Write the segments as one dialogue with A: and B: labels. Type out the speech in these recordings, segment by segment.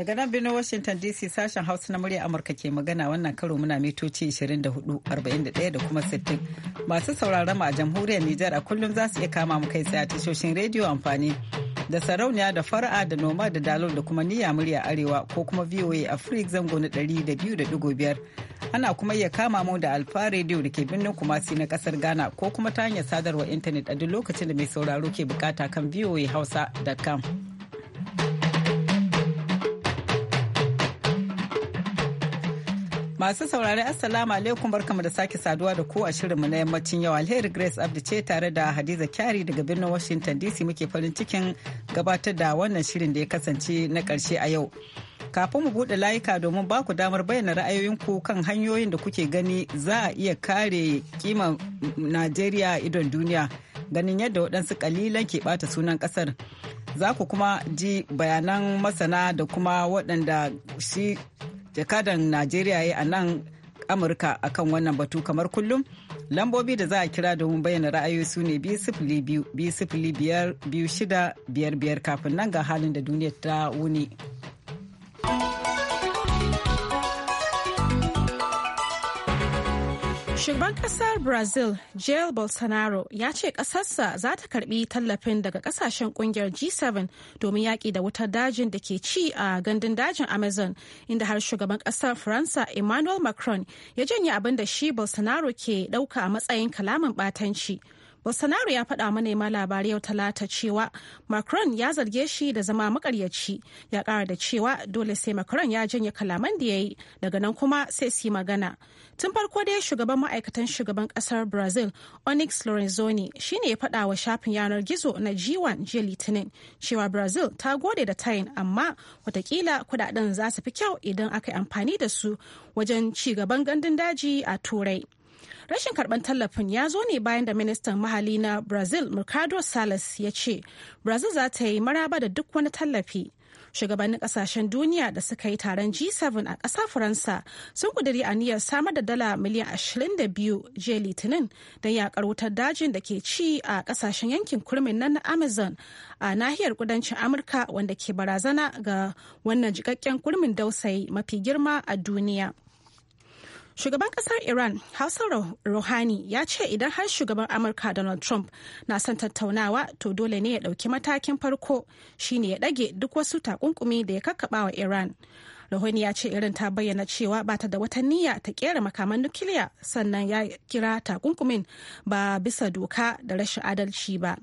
A: Daga nan birnin Washington DC sashen Hausa na murya Amurka ke magana wannan karo muna mitoci 24,41 da kuma 60. Masu sauraron mu a jamhuriyar Nijar a kullum za su iya kama mu kai tsaye a tashoshin rediyo amfani da sarauniya da fara'a da noma da dalol da kuma niyya murya arewa ko kuma VOA a Africa zango na 200.5 ana kuma iya kama mu da alfa rediyo da ke birnin kumasi na kasar Ghana ko kuma ta hanyar sadarwar intanet a duk lokacin da mai sauraro ke bukata kan voa hausa.com. Masu saurari Assalamu alaikum barkamu da sake saduwa da ku a shirinmu na yammacin yau alheri Grace Abdi ce tare da Hadiza Kyari daga birnin Washington DC muke farin cikin gabatar da wannan shirin da ya kasance na karshe a yau. Kafin mu buɗe layuka domin ba ku damar bayyana ra'ayoyinku kan hanyoyin da kuke gani za a iya kare kima Najeriya idon duniya ganin yadda waɗansu ƙalilan ke ɓata sunan ƙasar. za ku kuma ji bayanan masana da kuma waɗanda shi jakadan najeriya ya a nan amurka akan wannan batu kamar kullum lambobi da za a kira domin bayyana ra'ayoyi su ne biyar shida biyar biyar kafin nan ga halin da duniya ta wuni. Shugaban kasar Brazil, Jair
B: Bolsonaro, ya ce kasarsa za ta karbi tallafin daga kasashen kungiyar G7 domin yaƙi da wutar dajin da ke ci a gandun dajin Amazon, inda har shugaban kasar Faransa Emmanuel Macron ya janye abin da shi Bolsonaro ke ɗauka a matsayin kalamin batanci. Bolsonaro ya faɗa manema labarai yau talata cewa Macron ya zarge shi da zama makaryaci ya ƙara da cewa dole sai Macron ya janye kalaman da ya yi daga nan kuma sai su yi magana. Tun farko dai shugaban ma'aikatan shugaban ƙasar Brazil Onyx Lorenzoni ne ya faɗa wa shafin yanar gizo na G1 jiya Litinin cewa Brazil ta gode da tayin amma watakila kudaden za su fi kyau idan aka yi amfani da su wajen ci gaban gandun daji a Turai. Rashin karɓar tallafin ya zo ne bayan da ministan mahali na Brazil Mercado Salas ya ce, Brazil za ta yi maraba da duk wani tallafi. Shugabannin kasashen duniya da suka yi taron G7 a ƙasar Faransa sun ƙudiri niyyar samar da dala miliyan 22 jiya Litinin don yakar wutar dajin da ke ci a ƙasashen yankin kurmin nan na Amazon a nahiyar kudancin Amurka wanda ke barazana ga wannan jikakken kurmin dausayi mafi girma a duniya. Shugaban kasar Iran, Hassan Rouhani ya ce idan har shugaban Amurka Donald Trump na son tattaunawa to dole ne ya ɗauki matakin farko shine ya ɗage duk wasu takunkumi da ya kakkaɓa wa Iran. Rouhani ya ce Iran ta bayyana cewa ba ta da wata niyya ta kera makaman nukiliya sannan ya kira takunkumin ba bisa doka da rashin adalci ba.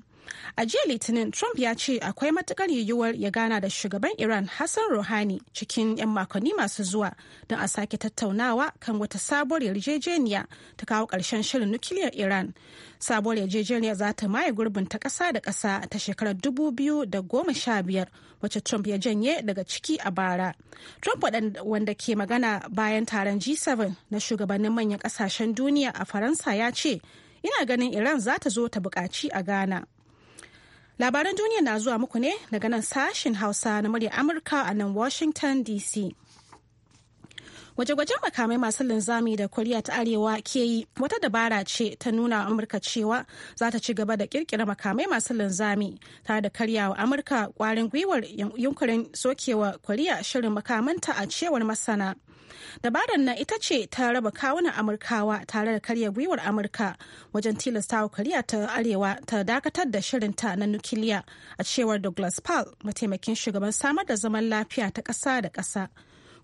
B: A jiya Litinin, Trump ya ce akwai matukar yiwuwar ya gana da shugaban Iran Hassan Rouhani cikin 'yan makonni masu zuwa don a sake tattaunawa kan wata sabuwar yarjejeniya ta kawo ƙarshen shirin nukiliyar Iran. Sabuwar yarjejeniya za ta maye gurbin ta ƙasa da ƙasa ta shekarar 2015 wacce Trump ya janye daga ciki a bara. Trump wanda ke magana bayan taron G7 na shugabannin manyan ƙasashen duniya a Faransa ya ce, ina ganin Iran za ta zo ta buƙaci a Ghana. Labaran duniya na zuwa muku ne daga nan sashin Hausa na murya Amurka a nan Washington DC. Gwaje-gwajen makamai masu linzami da Koriya ta Arewa ke yi wata dabara ce ta nuna Amurka cewa za ta ci gaba da kirkira makamai masu linzami tare da karya wa Amurka kwarin gwiwar yunkurin sokewa Koriya shirin makamanta a cewar masana. dabarar na ita ce ta raba kawunan amurkawa tare da karya gwiwar amurka wajen tilastawa koriya ta arewa ta dakatar da shirinta na nukiliya a cewar douglas pal mataimakin shugaban samar da zaman lafiya ta ƙasa da ƙasa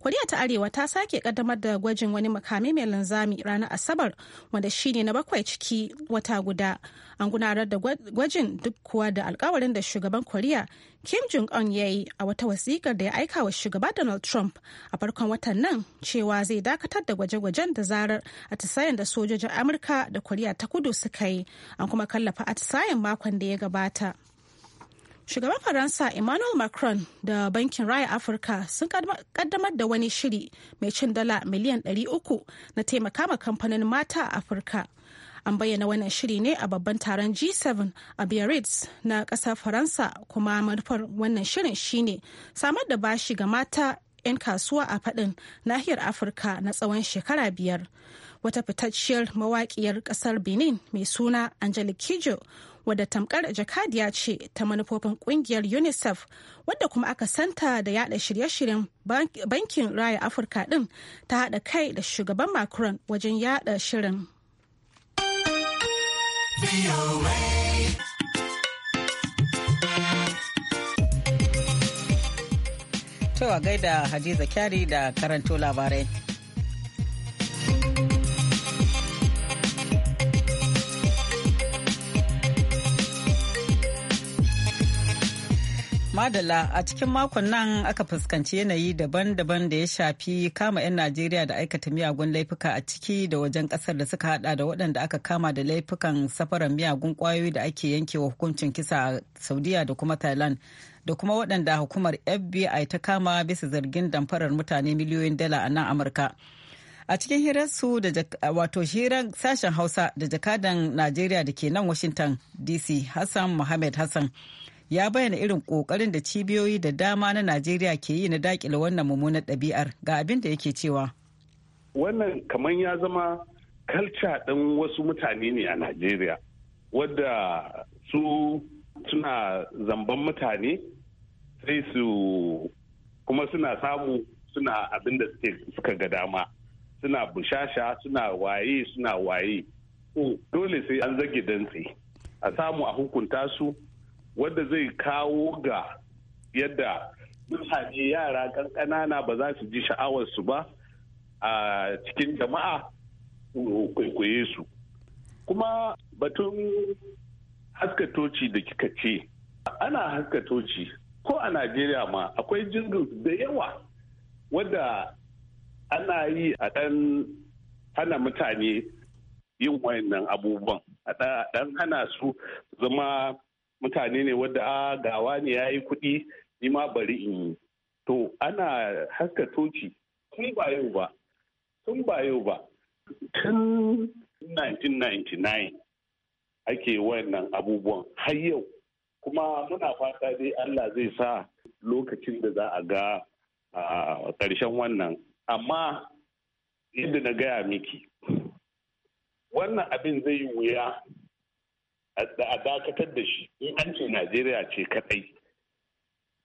B: koriya ta arewa ta sake kaddamar da gwajin wani makami mai linzami ranar asabar wanda shine na bakwai ciki wata guda an gudanar da gwajin duk kuwa da alkawarin da shugaban koriya kim jong un ya yi a wata wasikar da ya aika wa shugaba donald trump a farkon watan nan cewa zai dakatar da gwaje-gwajen da zarar atisayen da sojojin amurka da koriya ta kudu suka yi an kuma kallafa atisayen makon da ya gabata Shugaban Faransa Emmanuel Macron da Bankin Raya Afirka sun kaddamar da wani shiri mai cin dala miliyan 300 na taimaka kamfanin mata a Afirka. an bayyana wannan shiri ne a babban taron G7 a Biarritz na ƙasar Faransa kuma manufar wannan shirin shine samar da bashi ga mata 'yan kasuwa a faɗin nahiyar Afirka na tsawon shekara biyar. Wata fitacciyar mawaƙiyar ƙasar Benin mai suna Angelique Kijo wadda tamkar jakadiya ce ta manufofin kungiyar unicef wadda kuma aka santa da yada shirye-shiryen bankin raya afirka din ta hada kai da shugaban macron wajen yada shirin
A: To a gaida Hadiza Kyari da karanto labarai. Madala a cikin makon nan aka fuskanci yanayi daban-daban da ya shafi kama 'yan Najeriya da aikata miyagun laifuka a ciki da wajen kasar da suka hada da waɗanda aka kama da laifukan safarar miyagun kwayoyi da ake yankewa hukuncin kisa a Saudiya da kuma Thailand da kuma waɗanda hukumar FBI ta kama bisa zargin damfarar mutane miliyoyin dala a nan Amurka. a cikin hirarsu da wato hirar sashen hausa da jakadan najeriya da ke nan washington dc hassan mohammed hassan ya bayyana irin kokarin da cibiyoyi da dama na najeriya ke yi na dakile wannan mummunar ɗabi'ar ga abin da yake cewa
C: wannan kamar ya zama kalca ɗin wasu mutane ne a najeriya wadda su suna zamban mutane sai su kuma suna samu suna abin da suka ga dama suna bushasha suna waye suna waye dole sai an zage dantse a samu a hukunta su wanda zai kawo ga yadda mutane yara ƙanƙanana ba za su ji sha'awarsu ba a cikin jama'a kwaikwaye su kuma batun haskatoci da kika ce ana haskatoci ko a najeriya ma akwai jirgin da yawa wadda ana yi a ɗan hana mutane yin wayannan abubuwan a ɗan hana su zama mutane ne wadda a gawa ne ya yi kuɗi ni ma bari in yi to ana haska toci tun ba yau ba tun ba yau ba tun 1999 ake wannan abubuwan har yau kuma muna fata dai Allah zai sa lokacin da za a ga a ƙarshen wannan amma yadda na gaya miki wannan abin zai yi wuya a dakatar da shi in an ce najeriya ce kadai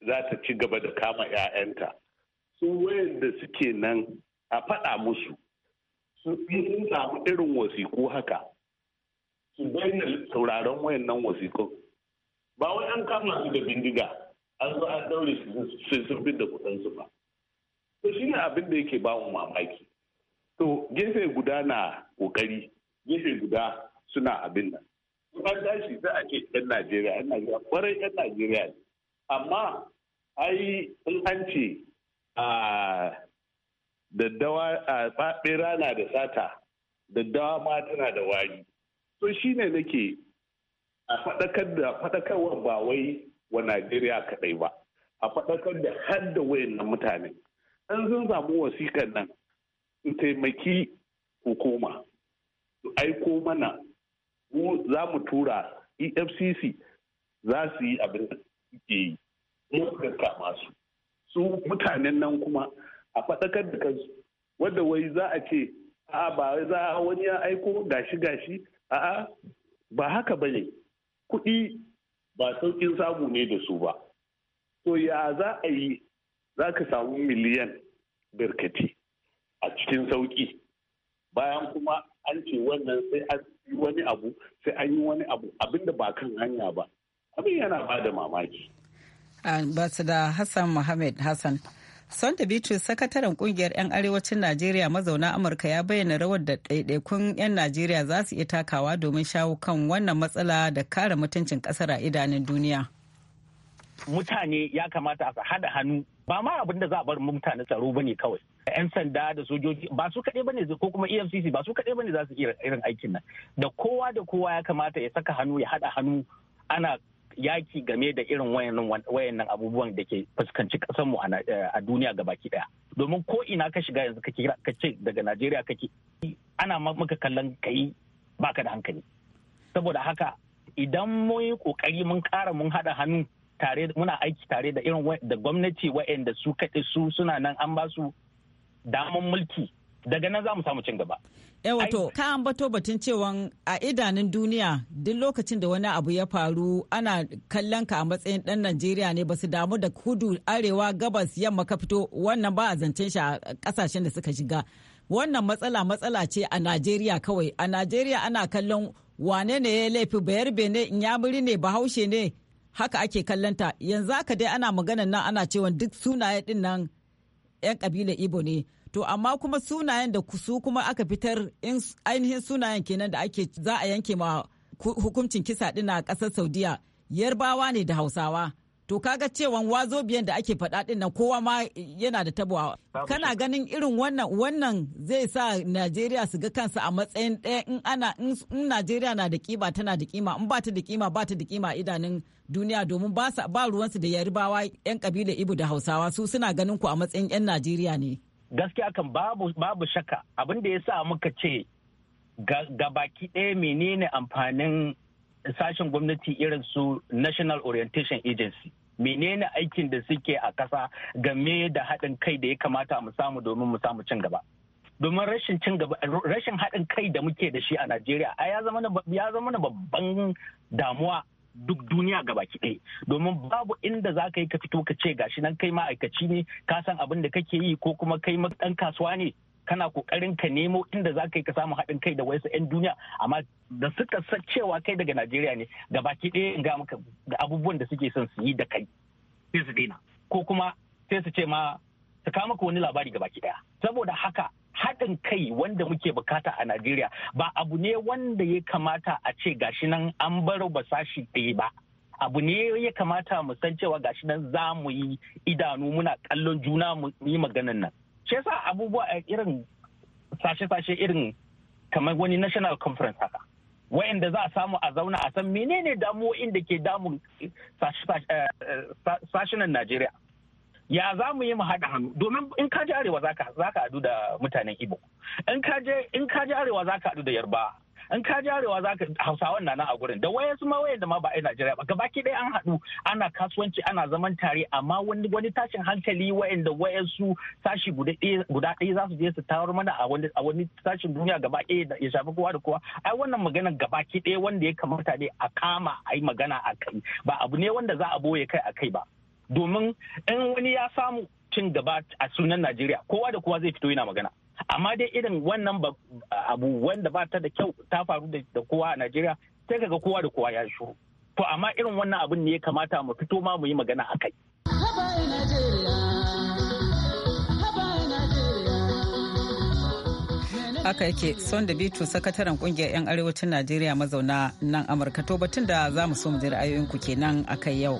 C: za ta ci gaba da kama 'ya'yanta su wayanda suke nan a faɗa musu su sun samu irin wasiku haka su daina sauraron wayannan wasiku ba wai an kama su da bindiga an zo an daure su sun fi da kudansu ba to ne abin da yake ba mu mamaki to gefe guda na kokari gefe guda suna abin nan an tashi za a ce yan najeriya yan najeriya kwarai yan najeriya ne amma ai in an ce a daddawa a na da sata daddawa ma tana da wari to shine nake a faɗakar da faɗakarwa ba wai wa najeriya kaɗai ba a faɗakar da har da wayannan mutane an sun samu wasikan nan su taimaki hukuma su aiko mana mu za mu tura efcc za su yi abin da suke yi mu kama su su mutanen nan kuma a faɗakar da kansu wanda wai za a ce a ba za a wani ya aiko gashi gashi a ba haka ba ne kuɗi ba sauƙin samu ne da su ba to ya za a yi za ka samu miliyan birkati a cikin sauƙi bayan kuma an ce wannan sai an yi wani abu sai an yi wani abu abinda ba kan hanya ba abin yana ba da mamaki
A: da hassan muhammad hassan Santa Bitrus sakataren kungiyar 'yan arewacin Najeriya mazauna Amurka ya bayyana rawar da ɗaiɗaikun 'yan Najeriya za su iya takawa domin shawo kan wannan matsala da kare mutuncin ƙasar a idanun duniya.
D: mutane ya kamata a haɗa hannu ba ma abin da za a bar mutane tsaro ba ne kawai yan sanda da sojoji ba su kaɗai ba ne ko kuma efcc ba su kaɗai ba ne za su iya irin aikin nan da kowa da kowa ya kamata ya saka hannu ya haɗa hannu ana yaki game da irin wayannan abubuwan da ke fuskanci mu eh, a duniya gabaki daya domin ko ina ka shiga yanzu ka ce daga najeriya kake ana maka kallon kai baka da hankali saboda haka idan mun yi kokari mun kara mun haɗa hannu tare muna aiki tare da irin da gwamnati waɗanda su kaɗe su suna nan an ba su daman mulki daga nan za mu samu cin gaba.
A: Eh wato ka ambato batun cewa a idanun duniya duk lokacin da wani abu ya faru ana kallon ka a matsayin ɗan Najeriya ne basu damu da kudu arewa gabas yamma ka fito wannan ba a zancen shi a kasashen da suka shiga. Wannan matsala matsala ce a Najeriya kawai a Najeriya ana kallon wane ne ya laifi bayar ne ya ne bahaushe ne haka ake kallanta yanzu haka dai ana magana nan ana cewa duk sunaye din nan 'yan kabilar ibo ne to amma kuma sunayen da su kuma aka fitar ainihin sunayen kenan da ake za a yanke ma hukuncin kisa din a ƙasar saudiya yarbawa ne da hausawa to kaga cewan wazo biyan da ake faɗa din nan kowa ma yana da tabuwa kana ganin irin wannan wannan zai sa Najeriya su ga kansa a matsayin ɗaya in ana in Najeriya na da kima tana da kima in ba ta da kima ba ta da kima idanun duniya domin ba sa ba ruwansu da yarbawa yan kabilar Ibo da Hausawa su suna ganin ku a matsayin yan Najeriya ne
D: gaskiya kan babu babu shaka abin da yasa muka ce ga baki ɗaya menene amfanin sashen gwamnati irin su National Orientation Agency menene aikin da suke a ƙasa game da haɗin kai da ya kamata mu samu domin mu samu cin gaba domin rashin cin gaba rashin haɗin kai da muke da shi a Najeriya ya zama na babban damuwa duk duniya gaba ɗaya domin babu inda za ka yi ka fito ka ce gashi nan kai ma'aikaci ne ka san abin da kake yi ko kuma kai ɗan kasuwa ne kana kokarin ka nemo inda za ka yi ka samu haɗin kai da wasu 'yan duniya amma da suka san cewa kai daga najeriya ne ga baki ɗaya in ga maka da abubuwan da suke son su yi da kai sai su daina ko kuma sai su ce ma su kama maka wani labari ga baki ɗaya saboda haka haɗin kai wanda muke bukata a najeriya ba abu ne wanda ya kamata a ce gashi nan an baro basashi ɗaya ba abu ne ya kamata mu san cewa gashi nan za mu yi idanu muna kallon juna mu yi maganan nan shi yasa abubuwa eh, irin sashe-sashe irin kamar wani national conference haka wa'inda za a samu a zauna a san menene damuwoyin da ke damun eh, eh, sashenan najeriya ya za mu yi mu haɗa hannu domin in ka je arewa za ka haɗu da mutanen ibo in ka je arewa za ka haɗu da yarba in ka jarewa za ka hausawan na nan a gurin da wayansu ma wayan da ma ba a Najeriya ba gabaki ɗaya an haɗu ana kasuwanci ana zaman tare amma wani wani tashin hankali wayan da wayansu sashi guda ɗaya za su je su tawar mana a wani a wani tashin duniya gaba ɗaya da ya shafi kowa da kowa ai wannan magana gabaki ɗaya wanda ya kamata ne a kama a magana a kai ba abu ne wanda za a boye kai a kai ba domin in wani ya samu cin gaba a sunan Najeriya kowa da kowa zai fito yana magana. amma dai irin wannan abu wanda ba ta da kyau ta faru da kowa a najeriya sai kaga kowa da kowa ya shuru to amma irin wannan abun ne ya kamata mu fito ma mu yi magana a kai
E: haka yake
A: son da bitu sakataren kungiyar 'yan arewacin najeriya mazauna nan amurka to batun da za mu so mu ji ra'ayoyinku kenan a kai yau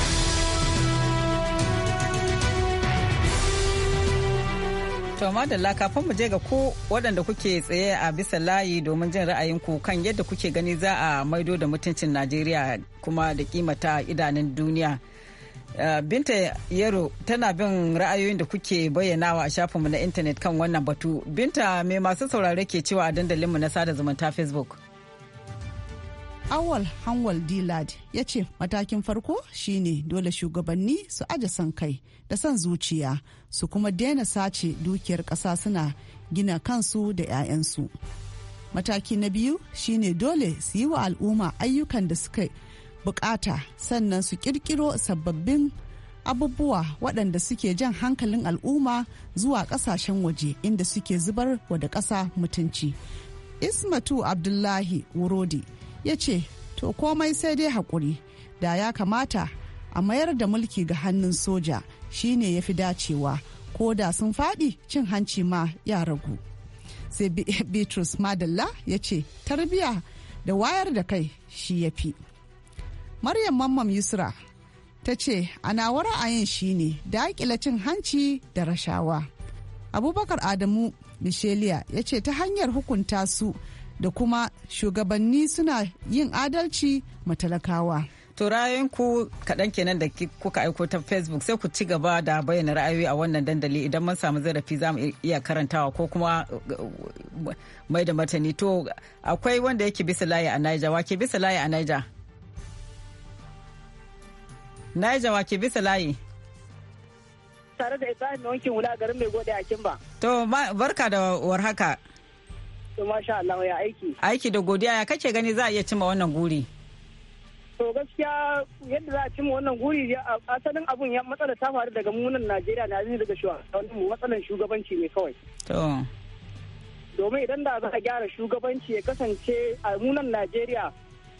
A: To madalla kafin mu je ga ku waɗanda kuke tsaye a bisa layi domin jin ra'ayinku kan yadda kuke gani za a maido da mutuncin Najeriya kuma da kimata idanun duniya. Eh, Binta Yaro tana bin ra'ayoyin da kuke bayyanawa a shafinmu na intanet kan wannan batu. Binta mai masu saurare ke cewa a dandalinmu na sada zumunta Facebook.
F: awal hanwal dilad ya ce matakin farko shine dole shugabanni su aje son kai da son zuciya su kuma daina sace dukiyar ƙasa suna gina kansu da 'ya'yansu mataki na biyu shine dole su yi wa al'umma ayyukan da suka bukata sannan su kirkiro sababbin abubuwa waɗanda suke jan hankalin al'umma zuwa ƙasashen waje inda suke zubar wa da ƙasa mutunci ismatu abdullahi wurodi ya ce to komai sai dai haƙuri da ya kamata a mayar da mulki ga hannun soja shine ya fi dacewa ko da sun faɗi cin hanci ma ya ragu sai bitrus madalla ya ce tarbiya da wayar da kai shi ya fi maryam mamman yusra ta ce ana ra'ayin shine daƙila cin hanci da rashawa abubakar adamu misheliya ya ce ta hanyar hukunta su da kuma shugabanni suna yin adalci matalakawa.
A: To ku kaɗan kenan da kuka aiko ta Facebook sai ku ci gaba da bayyana ra'ayoyi a wannan dandali idan mun samu zarafi za mu iya karantawa ko kuma uh, mai da martani. To akwai wanda yake bisa layi a Niger, wake bisa layi a Niger? Niger wake bisa layi?
D: Tare da Ibrahim wankin wula garin mai gode a Kimba.
A: To barka da warhaka.
D: To masha Allah ya aiki.
A: Aiki da godiya ya kake gani za a iya cima wannan guri?
D: To gaskiya yadda za a cima wannan guri a asalin abun ya matsala ta faru daga munan Najeriya na yanzu daga shugabannin matsalan shugabanci ne kawai. To. Domin idan da za a gyara shugabanci ya kasance a munan Najeriya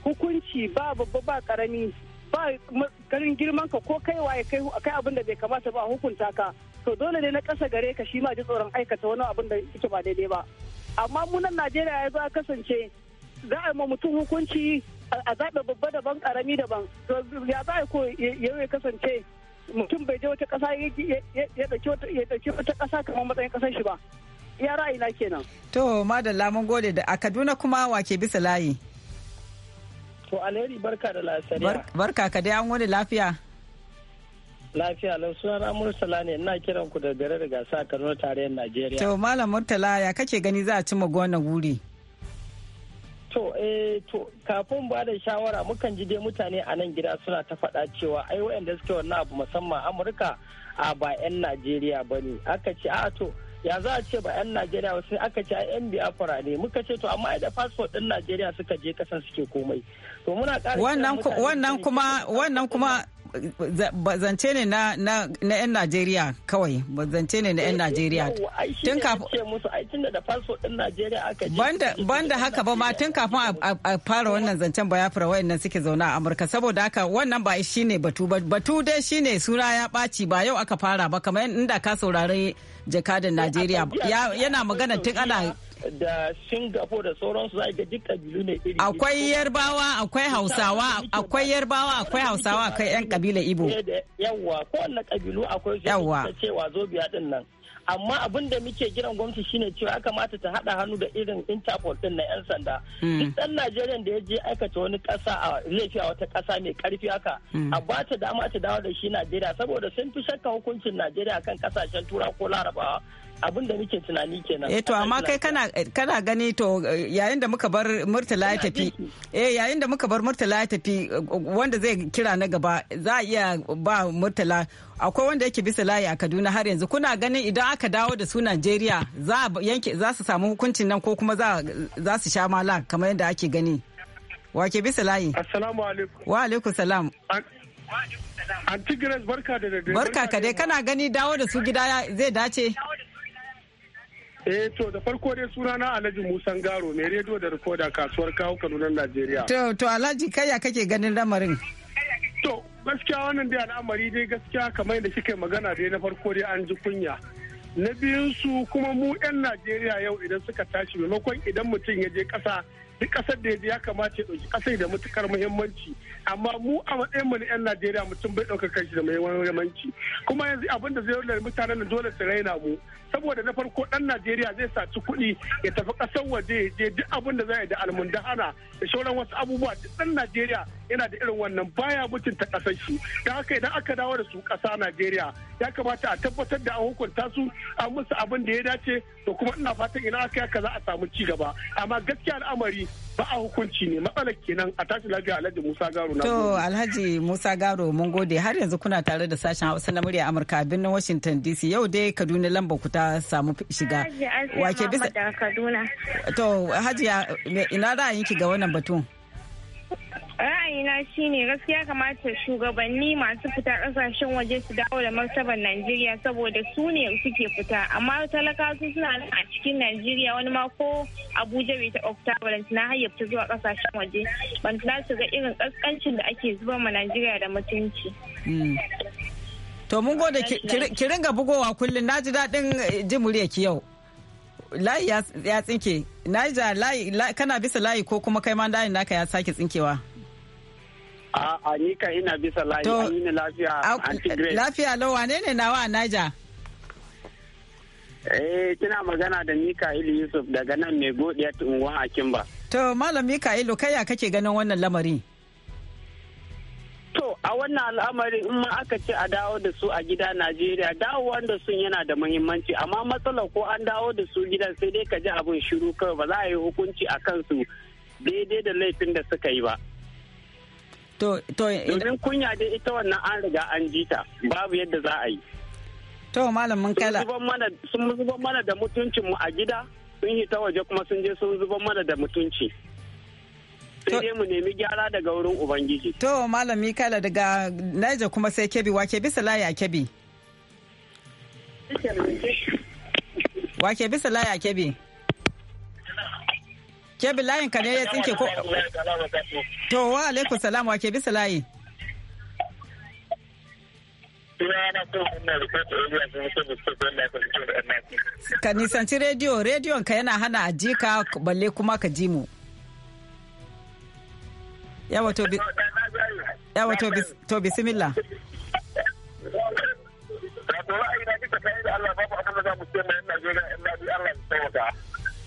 D: hukunci ba babba ba karami ba karin girman ka ko kaiwa ya kai abin da bai kamata ba hukunta ka to dole ne na ƙasa gare ka shi ma ji tsoron aikata wani abin da yake ba daidai ba amma munan najeriya ya za kasance za a yi ma mutum hukunci a zaɓe babba daban ƙarami daban ya za a ko ya kasance mutum bai je wata ƙasa ya ɗauki wata ƙasa kamar matsayin ƙasar shi ba ya ra'ayina kenan.
A: to madalla mun gode da a kaduna kuma wake bisa layi.
D: to alheri barka da lafiya.
A: barka ka dai an wani lafiya.
D: Lafiya lau sunana Murtala ne ina kiran ku da garin gasa a Kano tarayyar Najeriya. To
A: Malam Murtala ya kake gani za a ci magwana guri?
D: To eh to kafin ba da shawara mukan ji dai mutane a nan gida suna ta faɗa cewa ai waɗanda suke wannan abu musamman Amurka a ba 'yan Najeriya ba ne. Aka ce a to ya za a ce ba 'yan Najeriya sai aka ce 'yan biyafara ne muka ce to amma ai da fasfo ɗin Najeriya suka je kasan suke komai.
A: To muna ƙara wannan kuma wannan kuma zance ne na na yan Najeriya kawai zance ne na yan eh, Najeriya tun
D: kafin banda banda haka ba ma
A: tun kafin a fara wannan zancen bayafra wayannan suke zauna a Amurka saboda haka wannan ba shine batu ba batu dai shine suna ya ɓaci ba yau aka fara ba kamar inda ka saurari jakadin eh, Najeriya yana magana tun ana da singapore da sauransu za ga duk kabilu ne iri akwai yarbawa akwai hausawa akwai yarbawa akwai hausawa akwai yan kabila ibo eh, yawa kowanne kabilu akwai yawa cewa zo biya din nan amma abin da muke kiran gwamnati shine
D: cewa kamata ta hada hannu da irin interpol din na yan sanda hmm. duk dan najeriya da ya je aikata wani kasa a laifi a wata kasa mai karfi haka hmm. a bata dama ta dawo da shi najeriya saboda sun fi shakka hukuncin najeriya kan kasashen tura ko larabawa abin da nake tunani kenan eh to amma kai
A: kana kana gani to yayin da muka bar murtala ya tafi eh yayin da muka bar murtala ya tafi wanda zai kira na gaba za a iya ba murtala akwai wanda yake bisa layi a Kaduna har yanzu kuna ganin idan aka dawo da su Najeriya za yanke za su samu hukuncin nan ko kuma za za su sha mala kamar yadda ake gani wake bisa layi assalamu alaikum wa alaikum salam
E: Anti Grace barka da Barka ka
A: dai kana gani dawo da su gida zai dace. Eh
C: to da farko dai suna na Alhaji Musan Garo mai rediyo da rikoda kasuwar kawo Kanunan Najeriya. To
A: to Alhaji kaya kake ganin lamarin?
C: To gaskiya wannan dai al'amari dai gaskiya kamar yadda kika magana dai na farko dai an ji kunya. Na biyun su kuma mu 'yan Najeriya yau idan suka tashi maimakon idan mutum ya je ƙasa duk ƙasar da ya je ya kamata ya ɗauki ƙasar da matukar muhimmanci amma mu a matsayin mu na yan Najeriya mutum bai ɗaukar kanshi da mai yamanci kuma yanzu abin da zai yi mutanen nan dole su raina mu saboda na farko ɗan Najeriya zai saci kuɗi ya tafi ƙasar waje je duk abin da za a yi da almundahana da sauran wasu abubuwa duk ɗan Najeriya yana da irin wannan baya mutunta ƙasar shi don haka idan aka dawo da su ƙasa Najeriya ya kamata a tabbatar da an hukunta su an musu abin da ya dace to kuma ina fatan ina aka yaka za a samu ci gaba amma gaskiya al'amari ba a hukunci ne matsalar kenan a tashi lafiya alhaji musa garo to
A: alhaji musa garo mun gode har yanzu kuna tare da sashen hausa na murya amurka a birnin washington dc yau dai kaduna lamba ku ta samu shiga wake bisa to hajiya ina ra'ayinki ga wannan batun
D: ra'ayina shine gaskiya kamata shugabanni masu fita kasashen waje su dawo da martaban najeriya saboda su ne suke fita amma talaka suna nan a cikin najeriya wani ma ko abuja bai taɓa fita ba har zuwa kasashen waje balantana su ga irin kaskancin da ake zuba ma najeriya da mutunci
E: hmm.
A: to mun gode ki ringa bugowa kullum na ji daɗin eh, jin muryarki yau layi ya tsinke na ji kana bisa layi ko kuma kai ma layin naka ya sake tsinkewa
D: A'a ni ka ina bisa layi an yi lafiya
A: Lafiya lo ne ne nawa a Naija?
D: Eh kina magana da Ilu Yusuf daga nan mai godiya unguwan Akimba.
A: To Malam Ilu, kai ya kake ganin wannan lamari?
D: To a wannan al'amari in ma aka ce a dawo da su a gida Najeriya dawo wanda sun yana da muhimmanci amma matsalar ko an dawo da su gidan sai dai ka ji abin shiru kawai ba za a yi hukunci a kansu daidai da laifin da suka yi ba.
A: domin
D: kunya dai ita wannan an riga an ji ta babu yadda za a yi to malamin kala sun zuban mana da mutuncin mu a gida sun hita waje kuma sun je sun zuban mana da mutunci sai dai mu nemi
A: gyara daga wurin ubangiji to malami kala daga naija kuma sai kebi wa kebi salaya kebi wa kebi salaya kebi Ke layin ka ne ya tsinke ko? To wa alaikum salam wa ke bisa layi. Ka nisanci rediyo, rediyon ka yana hana ka. balle kuma ka ji mu. Yawa to bi
E: Yawa
D: Allah babu abin da za mu ce mai Najeriya in Allah ya tsawata.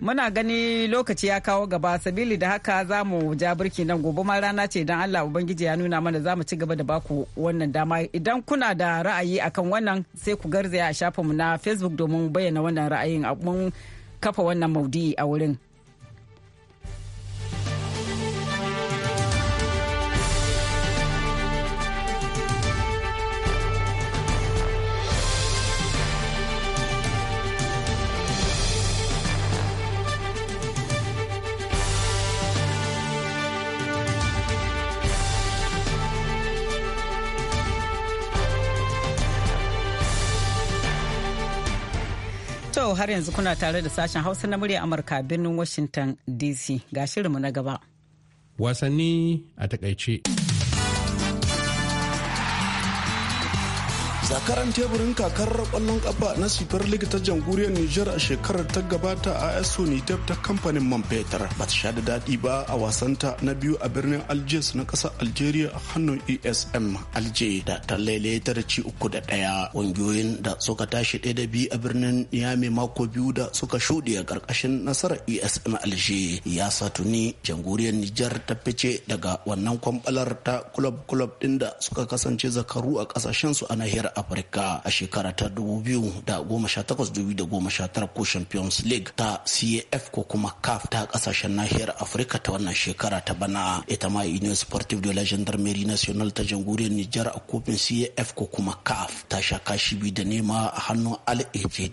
A: muna gani lokaci ya kawo gaba sabili da haka za mu ja birki nan gobe ma rana ce idan Allah ubangiji ya nuna mana za mu ci gaba da baku wannan dama idan kuna da ra'ayi akan wannan sai ku garzaya a shafinmu na facebook domin bayyana wannan ra'ayin mun kafa wannan maudi a wurin To har yanzu kuna tare da sashen Hausa na murya Amurka birnin Washington DC ga shirinmu na gaba.
G: Wasanni a takaice. zakaran teburin kakar kwallon kafa na super league ta jamhuriyar niger a shekarar ta gabata a aso nitef ta kamfanin man fetur ba ta sha da daɗi ba a wasanta na biyu a birnin algiers na ƙasar algeria a hannun esm alje da ta ta da ci uku da ɗaya ƙungiyoyin da suka tashi ɗaya da biyu a birnin niamey mako biyu da suka shuɗe a ƙarƙashin nasarar esm alje ya sa tuni jamhuriyar niger ta fice daga wannan kwamɓalar ta kulob kulob ɗin da suka kasance zakaru a ƙasashensu a nahiyar afirka a shekara ta 2018-2019 ko champions league ta caf ko kuma caf ta kasashen nahiyar afirka ta wannan shekara ta bana ita ma union sportive de la gendarmerie nationale ta jamhuriyar nijar a kofin caf ko kuma caf ta sha kashi biyu da nema a hannun al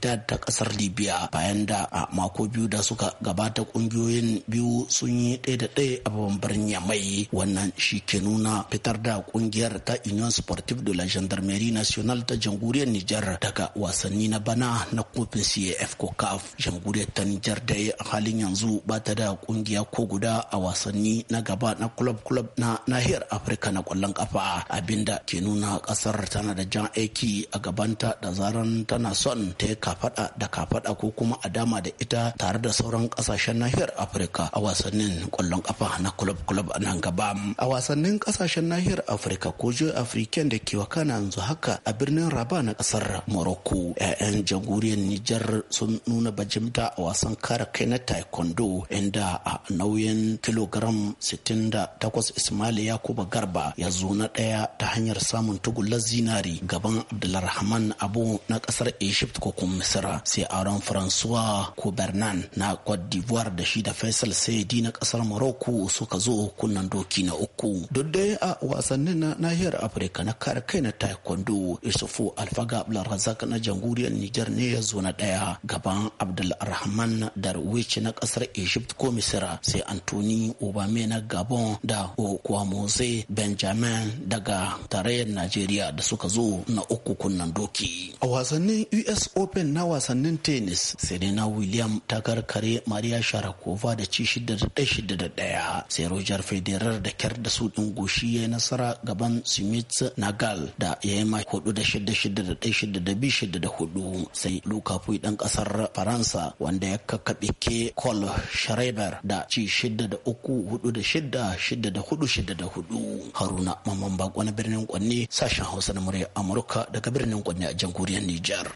G: ta kasar libya bayan da a mako biyu da suka gabata kungiyoyin biyu sun yi ɗaya da ɗaya a babban birnin yamai wannan shi ke nuna fitar da kungiyar ta union sportive de la gendarmerie nationale national ta jamhuriyar Nijar daga wasanni na bana na kofin CAF ko CAF jamhuriyar ta Nijar da a halin yanzu ba ta da kungiya ko guda a wasanni na gaba na club club na nahiyar Afrika na kwallon kafa abinda ke nuna kasar tana da jan aiki a gabanta da zaran tana son ta yi kafada da kafada ko kuma a dama da ita tare da sauran kasashen nahiyar Afirka a wasannin kwallon kafa na club club a nan gaba a wasannin kasashen nahiyar Afirka ko Joy African da ke wakana yanzu haka abin birnin raba na kasar Morocco. 'Ya'yan jamhuriyar Nijar sun nuna bajimta a wasan kare kai na taekwondo inda a nauyin kilogram 68 Ismail Yakuba Garba ya zo na ɗaya ta hanyar samun tugullar zinari gaban Abdulrahman Abu na kasar Egypt ko kuma Misira sai aron Francois Cobernan na Cote d'Ivoire da shi da Faisal Saidi na kasar Morocco suka zo kunnan doki na uku. Duk dai a wasannin na nahiyar Afirka na kare kai na taekwondo yusufu alfaga abdulrazak na jamhuriyar niger ne ya zo na daya gaban abdulrahman darwici na kasar egypt ko misira sai antoni obame na gabon da okwamose benjamin daga tarayyar najeriya da suka zo na uku kunnan doki a wasannin us open na wasannin tennis serena william ta karkare maria sharakova da ci shida da shida da ɗaya sai roger federer da kyar da su ɗin goshi ya nasara gaban smith nagal da ya yi hudu da shida shida da ɗaya shida da biyu shida da hudu sai luka pui ɗan ƙasar faransa wanda ya kakkaɓe ke kol shreber da ci shida da uku hudu da shida shida da hudu shida da hudu haruna mamman Baƙo na birnin kwanne sashen hausa na murya amurka daga birnin kwanne a jamhuriyar nijar.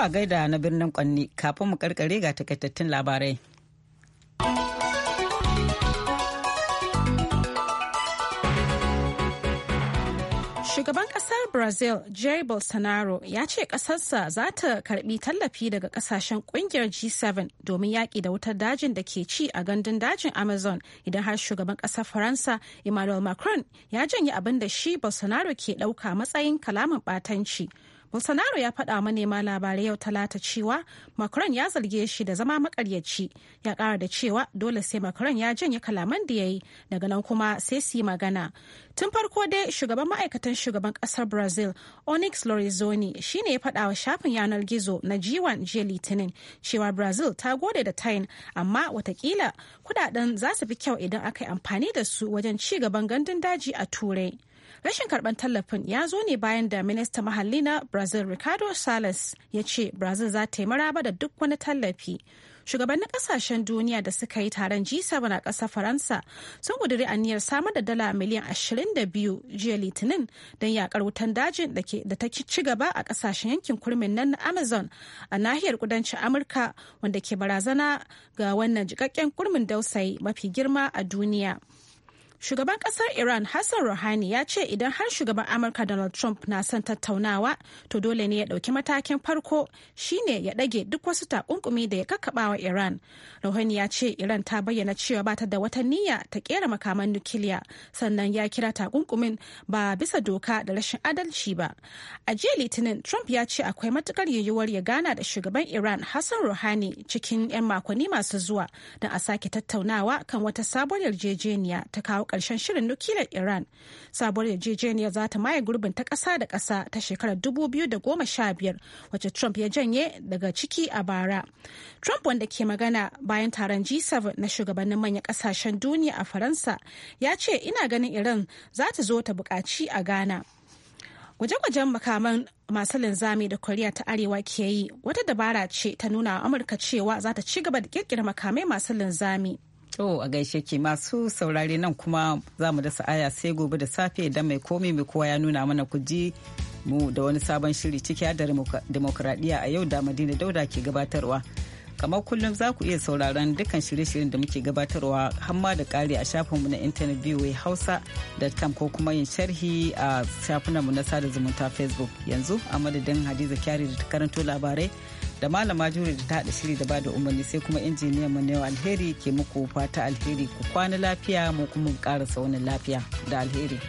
A: a gaida na birnin Kwanni kafin mu karkare ga takaitattun labarai.
B: Shugaban kasar Brazil Jair Bolsonaro ya ce kasarsa za ta karbi tallafi daga kasashen kungiyar G7 domin yaƙi da wutar dajin da ke ci a gandun dajin Amazon idan har shugaban kasar Faransa Emmanuel Macron ya janye abin da shi Bolsonaro ke ɗauka matsayin kalamin ɓatanci. Bolsonaro ya faɗa manema labarai yau talata cewa Macron ya zarge shi da zama makaryaci ya ƙara da cewa dole sai Macron ya janye kalaman da ya yi daga nan kuma sai su yi magana. Tun farko dai shugaban ma'aikatan shugaban ƙasar Brazil Onyx Lorenzoni shine ya faɗa wa shafin yanar gizo na G1 jiya Litinin cewa Brazil ta gode da ta'in amma watakila kudaden za su fi kyau idan aka yi amfani da su wajen ci gaban gandun daji a Turai. Rashin karban tallafin ya zo ne bayan da minista mahalli na Brazil Ricardo Salles ya ce Brazil za ta yi maraba da duk wani tallafi. Shugabannin kasashen duniya da suka yi taron G7 a ƙasar Faransa sun a aniyar samar da dala miliyan 22 jiya Litinin don yakar wutan dajin da ta ci gaba a ƙasashen yankin kurmin nan na Amazon a nahiyar kudancin Amurka wanda ke barazana ga wannan jikakken kurmin dausayi mafi girma a duniya. Shugaban kasar Iran Hassan Rouhani ya ce idan har shugaban Amurka Donald Trump na son tattaunawa, to dole ne ya dauki matakin farko shine ya dage duk wasu takunkumi da ya kakkaɓawa Iran. Rouhani ya ce Iran ta bayyana cewa bata da wata niyya ta kera makaman nukiliya, sannan ya kira takunkumin ba bisa doka da rashin adalci ba. A jiya Litinin, Trump ya ce akwai matukar yiwuwar ya gana da shugaban Iran Hassan Rouhani cikin 'yan makonni masu zuwa don a sake tattaunawa kan wata sabuwar yarjejeniya ta kawo karshen shirin nukilar Iran. Sabuwar yarjejeniyar za ta maye gurbin ta ƙasa da ƙasa ta shekarar 2015 wacce Trump ya janye daga ciki a bara. Trump wanda ke magana bayan taron G7 na shugabannin manyan ƙasashen duniya a Faransa ya ce ina ganin Iran za ta zo ta bukaci a Ghana. Gwaje-gwajen makaman masu linzami da koriya ta arewa ke yi wata dabara ce ta nuna amurka cewa za ta ci gaba da kirkira makamai masu linzami
A: To a gaishe ke masu saurare nan kuma za mu dasa aya sai gobe da safe idan mai komi mai kowa ya nuna mana kuji mu da wani sabon shiri ciki da demokradiyya a yau da madina dauda ke gabatarwa. kamar kullum za ku iya sauraron dukkan shirye-shiryen da muke gabatarwa hamma da kare a shafinmu na intanet hausa da hausa.com ko kuma yin sharhi a shafinanmu na sada zumunta facebook yanzu a madadin hadiza kyari da karanto labarai da malama jure da ta haɗa shiri da ba da umarni sai kuma injiniyan mu yau alheri ke muku fata alheri ku kwana lafiya mu kuma ƙara wani lafiya da alheri.